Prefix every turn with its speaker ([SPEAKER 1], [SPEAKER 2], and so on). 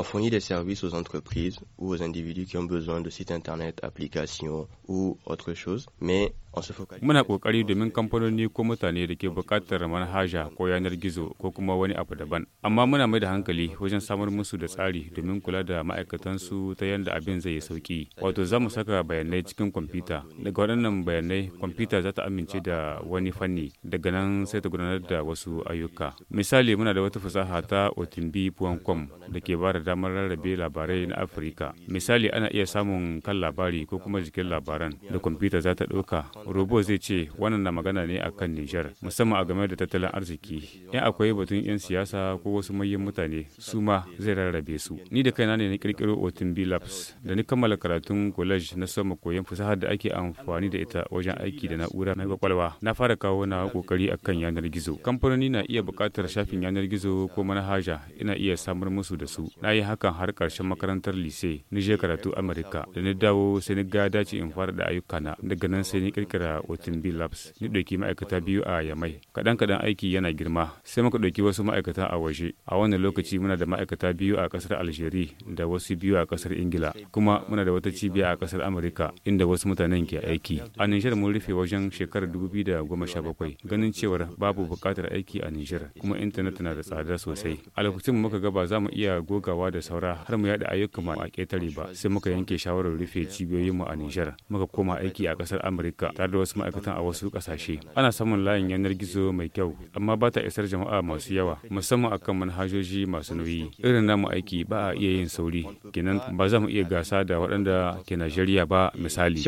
[SPEAKER 1] On fournit des services aux entreprises ou aux individus qui ont besoin de sites internet, applications ou autre chose, mais Muna ƙoƙari domin kamfanoni ko mutane da ke buƙatar manhaja ko yanar gizo ko kuma wani abu daban. Amma muna mai da hankali wajen samar musu da tsari domin kula da ma'aikatansu ta yadda abin zai yi sauƙi. Wato za mu saka bayanai cikin kwamfuta. Daga waɗannan bayanai kwamfuta za ta amince da wani fanni daga nan sai ta gudanar da wasu ayyuka. Misali muna da wata fasaha ta otimbi.com da ke ba da damar rarrabe labarai na Afirka. Misali ana iya samun kan labari ko kuma jikin labaran da kwamfuta za ta ɗauka Robo zai ce wannan na magana ne a kan Nijar, musamman a game da tattalin arziki. In akwai batun 'yan siyasa ko wasu manyan mutane, su ma zai rarrabe su. Ni da kaina ne na kirkiro b Labs, da ni kammala karatun college na sama koyon fasahar da ake amfani da ita wajen aiki da na'ura mai kwakwalwa. Na fara kawo na kokari kan yanar gizo. Kamfanoni na iya buƙatar shafin yanar gizo ko manhaja, ina iya samar musu da su. Na yi hakan har ƙarshen makarantar lise, ni je karatu Amerika da ni dawo sai ni ga dace in fara da ayyukana, daga nan sai ni kirkira Otimbi Labs. Ni ɗauki ma'aikata biyu a Yamai. Kaɗan-kaɗan aiki yana girma. Sai muka ɗauki wasu ma'aikata a waje. A wannan lokaci muna da ma'aikata biyu a ƙasar Algeria da wasu biyu a ƙasar Ingila. Kuma muna da wata cibiya a ƙasar Amurka inda wasu mutanen ke aiki. A Nijar mun rufe wajen shekarar dubu biyu da goma sha bakwai ganin cewar babu buƙatar aiki a Nijar kuma intanet na da tsada sosai. A lokacin muka ga ba za mu iya gogawa da saura har mu yaɗa ayyukan a ƙetare ba sai muka yanke shawarar rufe cibiyoyinmu a Nijar muka koma aiki a ƙasar Amurka tare da wasu ma'aikatan a wasu kasashe ana samun layin yanar gizo mai kyau amma ba ta isar jama'a masu yawa musamman akan manhajoji masu nauyi irin namu aiki ba a iya yin sauri kenan ba za mu iya gasa da waɗanda ke Najeriya ba misali.